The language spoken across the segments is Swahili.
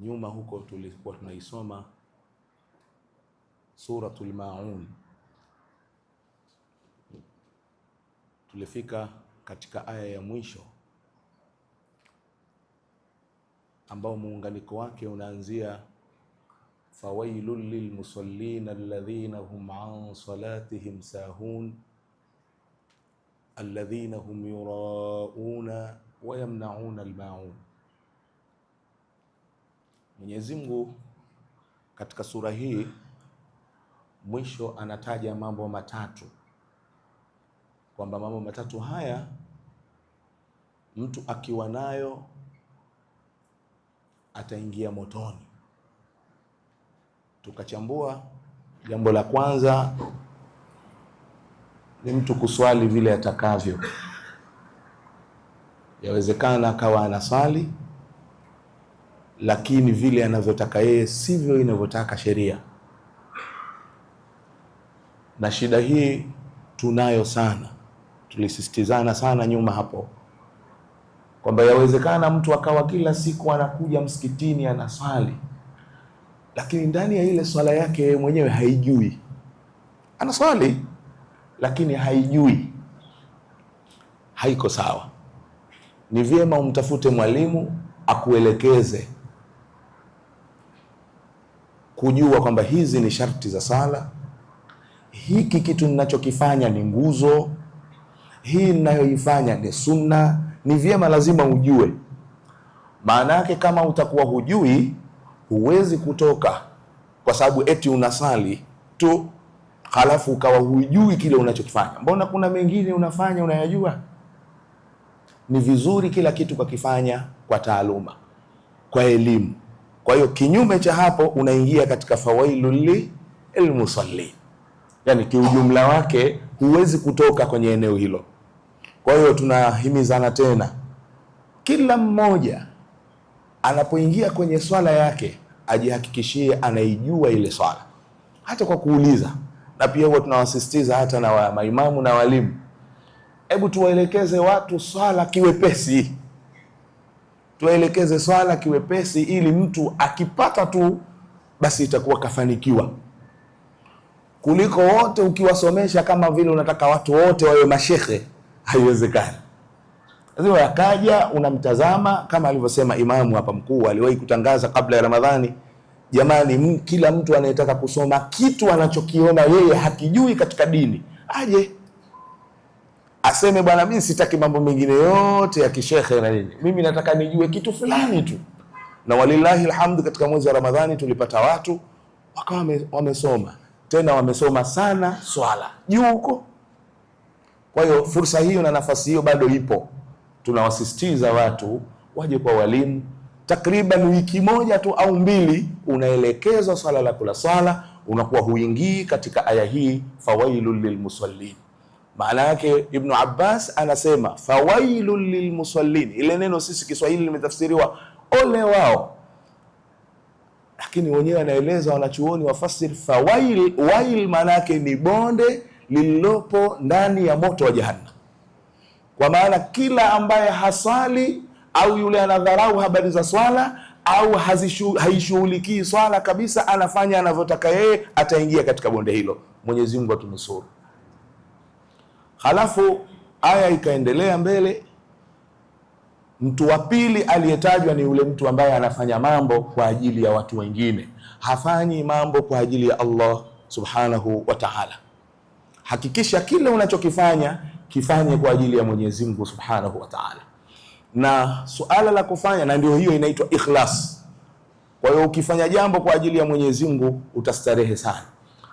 nyuma huko tulikuwa tunaisoma Suratul Maun, tulifika katika aya ya mwisho ambao muunganiko wake unaanzia fawailul lilmusallina alladhina hum an salatihim sahun alladhina hum yurauna wa yamnauna almaun Mwenyezi Mungu katika sura hii mwisho anataja mambo matatu, kwamba mambo matatu haya mtu akiwa nayo ataingia motoni. Tukachambua jambo la kwanza ni mtu kuswali vile atakavyo. Yawezekana akawa anaswali lakini vile anavyotaka yeye sivyo inavyotaka sheria. Na shida hii tunayo sana, tulisisitizana sana nyuma hapo kwamba yawezekana mtu akawa kila siku anakuja msikitini anaswali, lakini ndani ya ile swala yake yeye mwenyewe haijui anaswali, lakini haijui, haiko sawa. Ni vyema umtafute mwalimu akuelekeze kujua kwamba hizi ni sharti za sala, hiki kitu ninachokifanya ni nguzo, hii ninayoifanya ni sunna. Ni vyema lazima ujue, maana yake kama utakuwa hujui huwezi kutoka, kwa sababu eti unasali tu halafu ukawa hujui kile unachokifanya. Mbona kuna mengine unafanya unayajua? Ni vizuri kila kitu kakifanya kwa taaluma, kwa elimu. Kwa hiyo kinyume cha hapo unaingia katika fawailul lilmusallin, yani kiujumla wake huwezi kutoka kwenye eneo hilo. Kwa hiyo tunahimizana tena, kila mmoja anapoingia kwenye swala yake ajihakikishie anaijua ile swala, hata kwa kuuliza. Na pia huwa tunawasisitiza hata na wa, maimamu na walimu, hebu tuwaelekeze watu swala kiwepesi tuelekeze swala kiwepesi, ili mtu akipata tu basi itakuwa kafanikiwa, kuliko wote ukiwasomesha kama vile unataka watu wote wawe mashekhe. Haiwezekani, lazima yakaja, unamtazama kama alivyosema imamu hapa mkuu, aliwahi kutangaza kabla ya Ramadhani, jamani, kila mtu anayetaka kusoma kitu anachokiona yeye hakijui katika dini aje aseme bwana, mimi sitaki mambo mengine yote ya kishehe na nini, mimi nataka nijue kitu fulani tu. Na walillahi alhamdu, katika mwezi wa Ramadhani tulipata watu wakawa wamesoma, tena wamesoma sana swala juu huko. Kwa hiyo fursa hiyo na nafasi hiyo bado ipo, tunawasisitiza watu waje kwa walimu. Takriban wiki moja tu au mbili, unaelekezwa swala la kula swala, unakuwa huingii katika aya hii, fawailul lilmusallin maana yake Ibnu Abbas anasema fawailu lilmusallin, ile neno sisi Kiswahili limetafsiriwa ole wao, lakini wenyewe anaeleza wanachuoni wafasir fawail wail maana yake ni bonde lililopo ndani ya moto wa Jahannam, kwa maana kila ambaye haswali au yule anadharau habari za swala au haishughulikii swala kabisa, anafanya anavyotaka yeye, ataingia katika bonde hilo. Mwenyezi Mungu atunusuru. Halafu aya ikaendelea mbele. Mtu wa pili aliyetajwa ni yule mtu ambaye anafanya mambo kwa ajili ya watu wengine, hafanyi mambo kwa ajili ya Allah subhanahu wa ta'ala. Hakikisha kile unachokifanya kifanye kwa ajili ya Mwenyezi Mungu subhanahu wa ta'ala, na suala la kufanya, na ndio hiyo inaitwa ikhlas. Kwa hiyo ukifanya jambo kwa ajili ya Mwenyezi Mungu utastarehe sana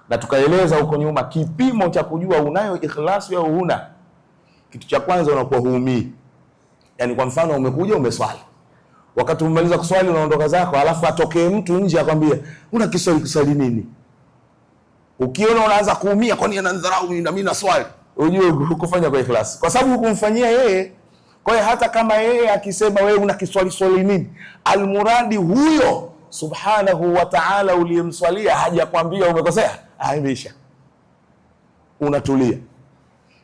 na tukaeleza huko nyuma kipimo cha kujua unayo ikhlasi au una. Kitu cha kwanza unakuwa huumii, yaani kwa mfano umekuja umeswali, wakati umemaliza kuswali unaondoka zako, alafu atokee mtu nje akwambia una kiswali kusali nini? Ukiona unaanza kuumia, kwani anadharau mimi na na mimi swali? Unajua hukufanya kwa ikhlasi, kwa sababu hukumfanyia yeye. Kwa hiyo hata kama yeye akisema wewe una kiswali swali nini, almuradi huyo subhanahu wa ta'ala uliyemswalia hajakwambia umekosea Imeisha, unatulia.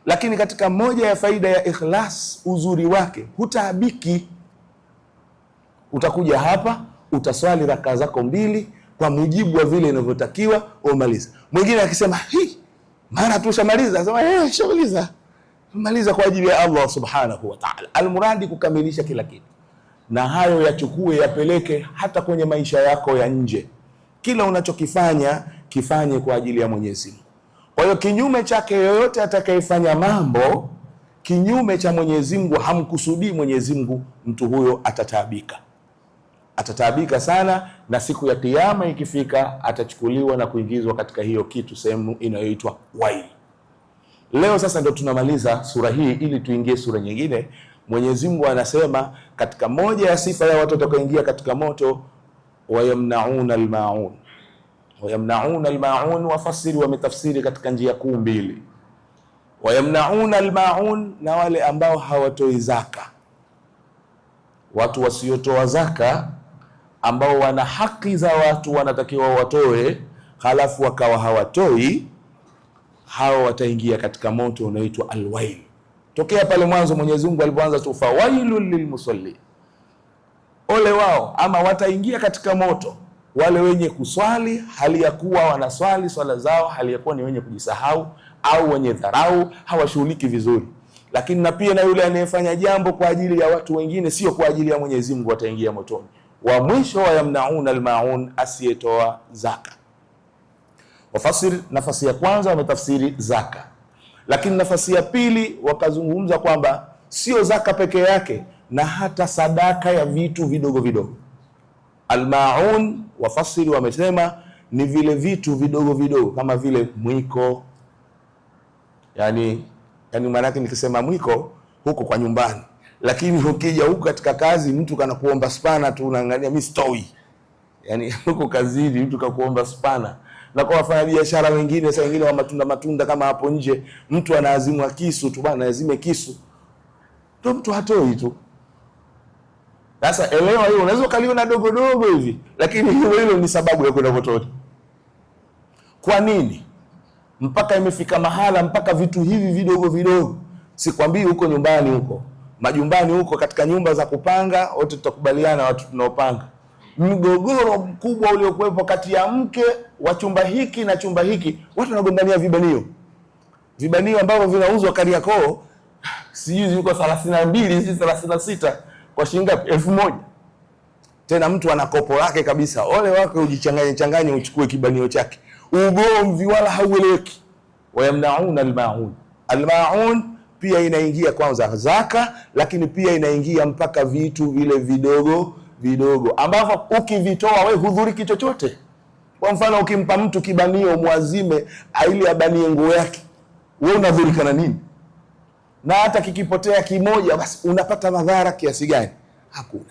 Lakini katika moja ya faida ya ikhlas, uzuri wake hutaabiki. Utakuja hapa utaswali rakaa zako mbili kwa mujibu wa vile inavyotakiwa, umaliza. Mwingine akisema hi, mara tushamaliza, sema eh, shamaliza maliza kwa ajili ya Allah subhanahu wa ta'ala, almuradi kukamilisha kila kitu. Na hayo yachukue yapeleke hata kwenye maisha yako ya nje, kila unachokifanya kifanye kwa ajili ya Mwenyezi Mungu. Kwa hiyo kinyume chake, yoyote atakayefanya mambo kinyume cha Mwenyezi Mungu, hamkusudii Mwenyezi Mungu, mtu huyo atataabika, atataabika sana, na siku ya Kiyama ikifika atachukuliwa na kuingizwa katika hiyo kitu, sehemu inayoitwa waili. Leo sasa ndo tunamaliza sura hii ili tuingie sura nyingine. Mwenyezi Mungu anasema katika moja ya sifa ya watu watakaoingia katika moto, wayamnauna almaun wayamnauna almaun, wafasiri wametafsiri katika njia kuu mbili, wayamnauna almaun, na wale ambao hawatoi zaka, watu wasiotoa zaka ambao wana haki za watu wanatakiwa watoe, halafu wakawa hawatoi, hawa wataingia katika moto unaoitwa alwail. Tokea pale mwanzo Mwenyezi Mungu alipoanza tu fawailul lilmusalli, ole wao, ama wataingia katika moto wale wenye kuswali hali ya kuwa wanaswali swala zao hali ya kuwa ni wenye kujisahau au wenye dharau, hawashughuliki vizuri. Lakini na pia na yule anayefanya jambo kwa ajili ya watu wengine, sio kwa ajili ya Mwenyezi Mungu, ataingia motoni. Wa mwisho yamnaun almaun, asiyetoa zaka. Wafasiri nafasi ya kwanza wametafsiri zaka, lakini nafasi ya pili wakazungumza kwamba sio zaka peke yake, na hata sadaka ya vitu vidogo vidogo Almaun wafasiri wamesema ni vile vitu vidogo vidogo kama vile mwiko, yani yani maana yake nikisema mwiko huko kwa nyumbani, lakini ukija huko katika kazi mtu kanakuomba spana tu, unaangalia mimi stoi. Yani huko kazini mtu kakuomba spana na kwa wafanya biashara wengine, saa wengine wa matunda matunda, kama hapo nje mtu anaazimwa kisu tu bana, azime kisu tu, mtu hatoi tu sasa elewa hiyo, unaweza ukaliona dogo dogo hivi, lakini hilo hilo ni sababu ya kwenda kotoni. Kwa nini mpaka imefika mahala mpaka vitu hivi vidogo vidogo? Sikwambii huko nyumbani, huko majumbani, huko katika nyumba za kupanga, wote tutakubaliana, watu tunaopanga mgogoro mkubwa uliokuwepo kati ya mke wa chumba hiki na chumba hiki, watu wanagombania vibanio, vibanio ambavyo vinauzwa Kariakoo, sijui ziko thelathini na mbili, si thelathini na sita kwa shilingi ngapi? elfu moja. Tena mtu ana kopo lake kabisa, ole wake ujichanganye changanye uchukue kibanio chake, ugomvi wala haueleweki. wayamnaun almaun, almaun pia inaingia kwanza zaka, lakini pia inaingia mpaka vitu vile vidogo vidogo ambavyo ukivitoa we hudhuriki chochote. Kwa mfano, ukimpa mtu kibanio mwazime ili abanie nguo yake, we unadhurika na nini? na hata kikipotea kimoja, basi unapata madhara kiasi gani? Hakuna.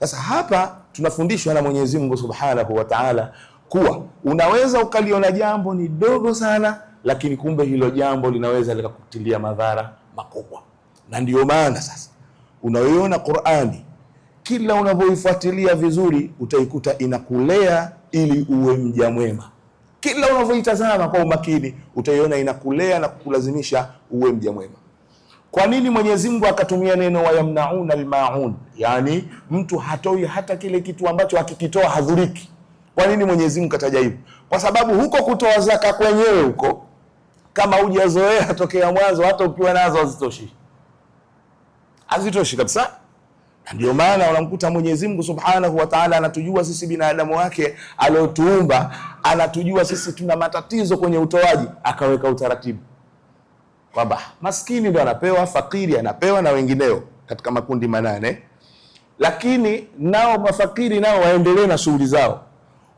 Sasa hapa tunafundishwa na Mwenyezi Mungu Subhanahu wa Ta'ala kuwa unaweza ukaliona jambo ni dogo sana, lakini kumbe hilo jambo linaweza likakutilia madhara makubwa. Na ndiyo maana sasa unayoiona Qur'ani, kila unavyoifuatilia vizuri, utaikuta inakulea ili uwe mja mwema. Kila unavyoitazama kwa umakini, utaiona inakulea na kukulazimisha uwe mja mwema. Kwa nini Mwenyezi Mungu akatumia neno wayamnauna almaun, yani mtu hatoi hata kile kitu ambacho akikitoa hadhuriki? Kwa nini Mwenyezi Mungu kataja hivyo? Kwa sababu huko kutoa zaka kwenyewe huko, kama hujazoea tokea mwanzo, hata ukiwa nazo hazitoshi, hazitoshi kabisa. Ndio maana unamkuta Mwenyezi Mungu Subhanahu wa Ta'ala anatujua sisi binadamu wake aliotuumba, anatujua sisi tuna matatizo kwenye utoaji, akaweka utaratibu kwamba maskini ndo anapewa, fakiri anapewa na wengineo katika makundi manane, lakini nao mafakiri nao waendelee na shughuli zao.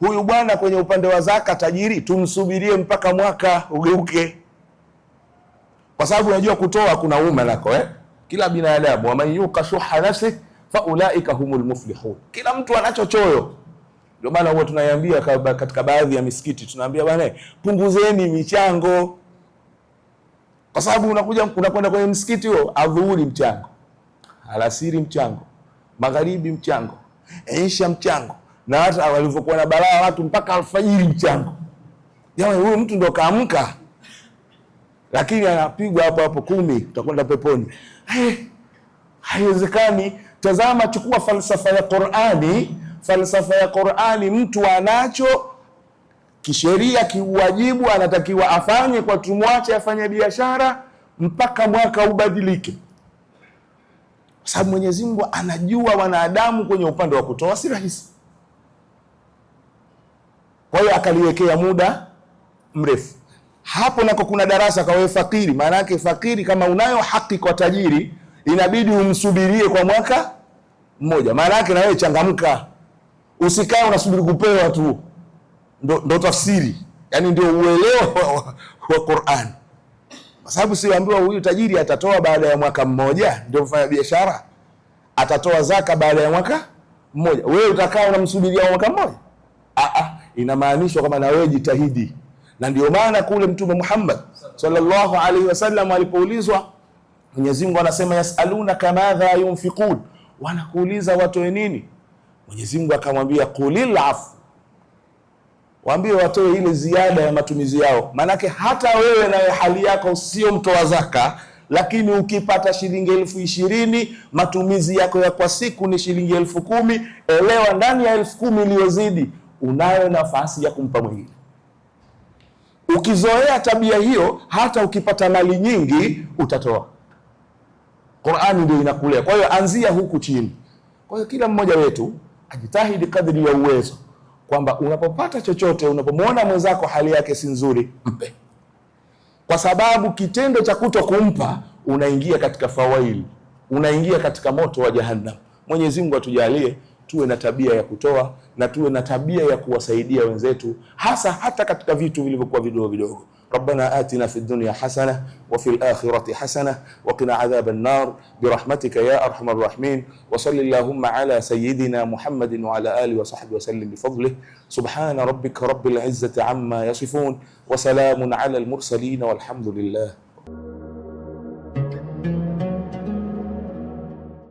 Huyu bwana kwenye upande wa zaka tajiri, tumsubirie mpaka mwaka ugeuke, kwa sababu unajua kutoa kuna uma nako eh? Kila binadamu waman yuka shuha nafsi faulaika humul muflihun, kila mtu anacho choyo. Ndio maana huwa tunaiambia katika baadhi ya misikiti tunaambia, bwana, eh, punguzeni michango kwa sababu unakuja unakwenda kwenye msikiti huo, adhuhuri mchango, alasiri mchango, magharibi mchango, isha mchango, na hata walivyokuwa na balaa watu mpaka alfajiri mchango. Jamani, huyu mtu ndo kaamka, lakini anapigwa hapo hapo kumi, utakwenda peponi. Eh, haiwezekani. Tazama, chukua falsafa ya Qur'ani. Falsafa ya Qur'ani mtu anacho kisheria, kiuwajibu anatakiwa afanye kwa tumwache afanye biashara mpaka mwaka ubadilike, kwa sababu Mwenyezi Mungu anajua wanadamu kwenye upande wa kutoa si rahisi. Kwa hiyo akaliwekea muda mrefu. Hapo nako kuna darasa kwa wewe fakiri. Maana yake fakiri, kama unayo haki kwa tajiri, inabidi umsubirie kwa mwaka mmoja. Maana yake na wewe changamka, usikae unasubiri kupewa tu ndo, ndo tafsiri yani ndio uelewa wa, wa Qur'an, kwa sababu siambiwa huyu tajiri atatoa baada ya mwaka mmoja, ndio mfanya biashara atatoa zaka baada ya mwaka mmoja. Wewe utakaa unamsubiria mwaka mmoja? Inamaanishwa kama na wewe jitahidi, na ndio maana kule Mtume Muhammad sallallahu alaihi wasallam alipoulizwa, Mwenyezi Mungu anasema yasaluna kamadha yunfiqun, wanakuuliza watoe nini? Mwenyezi Mungu akamwambia qulil afu waambie watoe ile ziada ya matumizi yao. Maanake hata wewe nawe hali yako sio mtoa zaka, lakini ukipata shilingi elfu ishirini matumizi yako ya kwa siku ni shilingi elfu kumi Elewa ndani ya elfu kumi iliyozidi unayo nafasi ya kumpa mwingine. Ukizoea tabia hiyo, hata ukipata mali nyingi utatoa. Qurani ndio inakulea. Kwa hiyo anzia huku chini. Kwa hiyo kila mmoja wetu ajitahidi kadri ya uwezo kwamba unapopata chochote, unapomwona mwenzako hali yake si nzuri, mpe, kwa sababu kitendo cha kuto kumpa unaingia katika fawaili, unaingia katika moto wa Jahannam. Mwenyezi Mungu atujalie tuwe na tabia ya kutoa na tuwe na tabia ya kuwasaidia wenzetu, hasa hata katika vitu vilivyokuwa vidogo vidogo. ربنا آتنا في الدنيا حسنة وفي الآخرة حسنة وقنا عذاب النار برحمتك يا أرحم الراحمين وصل اللهم على سيدنا محمد وعلى آله وصحبه وسلم بفضله سبحان ربك رب العزة عما يصفون وسلام على المرسلين والحمد لله